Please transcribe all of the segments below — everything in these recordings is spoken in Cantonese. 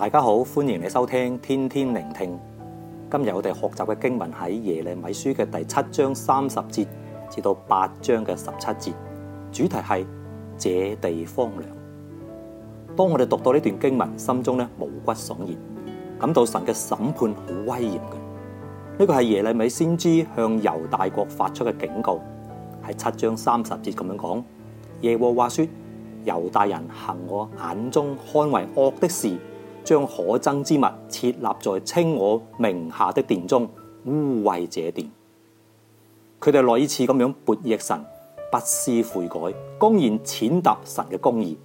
大家好，歡迎你收聽天天聆聽。今日我哋學習嘅經文喺耶利米書嘅第七章三十節至到八章嘅十七節，主題係這地荒涼。當我哋讀到呢段經文，心中呢，毛骨悚然，感到神嘅審判好威嚴嘅。呢個係耶利米先知向猶大國發出嘅警告，係七章三十節咁樣講。耶和華說：猶大人行我眼中看為惡的事。將可憎之物設立在稱我名下的殿中，污穢這殿。佢哋屢次咁樣悖逆神，不思悔改，公然踐踏神嘅公義。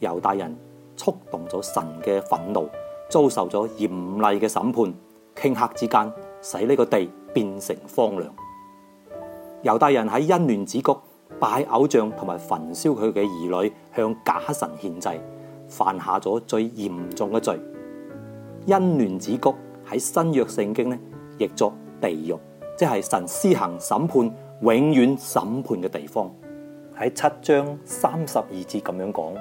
猶大人觸動咗神嘅憤怒，遭受咗嚴厲嘅審判。頃刻之間，使呢個地變成荒涼。猶大人喺欣嫩子谷拜偶像，同埋焚燒佢嘅兒女，向假神獻祭。犯下咗最嚴重嘅罪，欣嫩子谷喺新約聖經呢，譯作地獄，即係神施行審判、永遠審判嘅地方。喺七章三十二節咁樣講，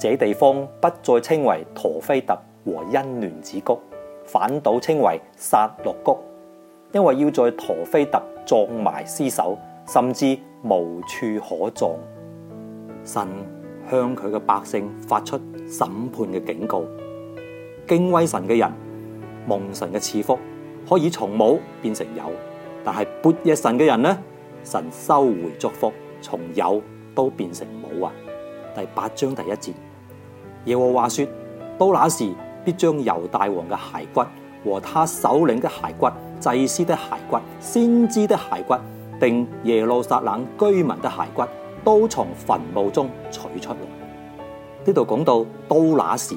這地方不再稱為陀斐特和欣嫩子谷，反倒稱為殺戮谷，因為要在陀斐特葬埋屍首，甚至無處可葬。神向佢嘅百姓發出審判嘅警告。敬畏神嘅人蒙神嘅賜福，可以從冇變成有；但係悖逆神嘅人呢？神收回祝福，從有都變成冇啊！第八章第一節，耶和華說：到那時，必將猶大王嘅骸骨和他首領嘅骸骨、祭司的骸骨、先知的骸骨，並耶路撒冷居民的骸骨。都從墳墓中取出嚟。呢度講到到那時，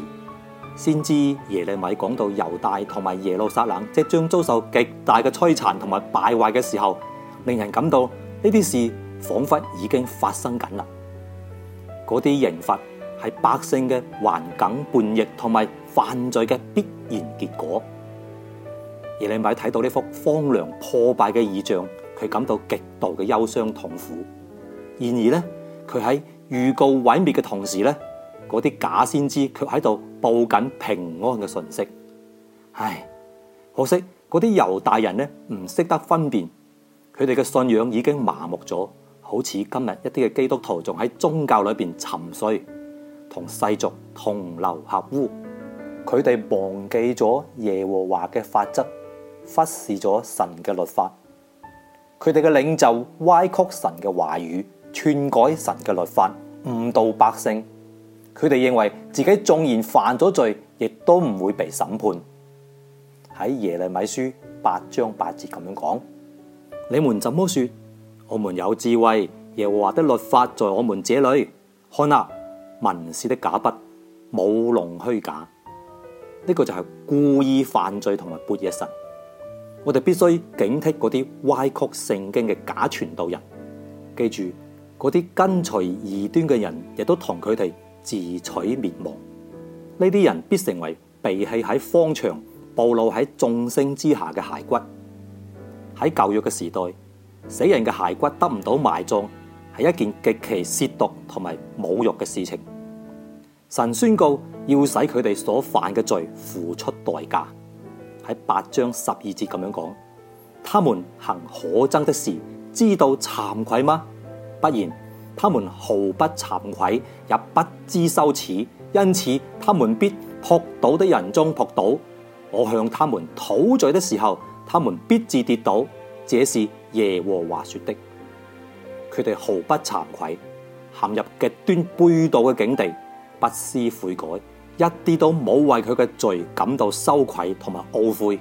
先知耶利米講到猶大同埋耶路撒冷即將遭受極大嘅摧殘同埋敗壞嘅時候，令人感到呢啲事仿佛已經發生緊啦。嗰啲刑罰係百姓嘅頑梗叛逆同埋犯罪嘅必然結果。耶利米睇到呢幅荒涼破敗嘅異象，佢感到極度嘅憂傷痛苦。然而咧，佢喺預告毀滅嘅同時咧，嗰啲假先知卻喺度報緊平安嘅信息。唉，可惜嗰啲猶大人咧唔識得分辨，佢哋嘅信仰已經麻木咗，好似今日一啲嘅基督徒仲喺宗教裏邊沉睡，同世俗同流合污。佢哋忘記咗耶和華嘅法則，忽視咗神嘅律法。佢哋嘅領袖歪曲神嘅話語。篡改神嘅律法，誤導百姓。佢哋認為自己縱然犯咗罪，亦都唔會被審判。喺耶利米書八章八節咁樣講：你們怎麼說？我們有智慧，耶和華的律法在我們這裏。看哪，文士的假筆，舞弄虛假。呢、這個就係故意犯罪同埋背棄神。我哋必須警惕嗰啲歪曲聖經嘅假傳道人。記住。嗰啲跟隨異端嘅人，亦都同佢哋自取滅亡。呢啲人必成為被棄喺荒場、暴露喺眾星之下嘅骸骨。喺舊約嘅時代，死人嘅骸骨得唔到埋葬，係一件極其褻瀆同埋侮辱嘅事情。神宣告要使佢哋所犯嘅罪付出代價。喺八章十二節咁樣講，他們行可憎的事，知道慚愧嗎？不然，他們毫不慚愧，也不知羞恥，因此他們必撲倒的人中撲倒。我向他們討罪的時候，他們必致跌倒。這是耶和華說的。佢哋毫不慚愧，陷入極端背道嘅境地，不思悔改，一啲都冇為佢嘅罪感到羞愧同埋懊悔。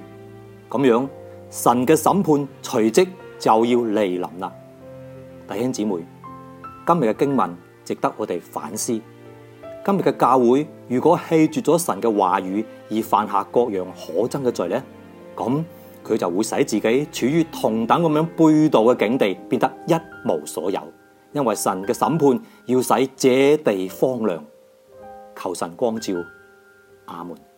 咁樣，神嘅審判隨即就要嚟臨啦。弟兄姊妹，今日嘅經文值得我哋反思。今日嘅教會如果棄絕咗神嘅話語而犯下各樣可憎嘅罪咧，咁佢就會使自己處於同等咁樣背道嘅境地，變得一無所有。因為神嘅審判要使這地荒涼。求神光照，阿門。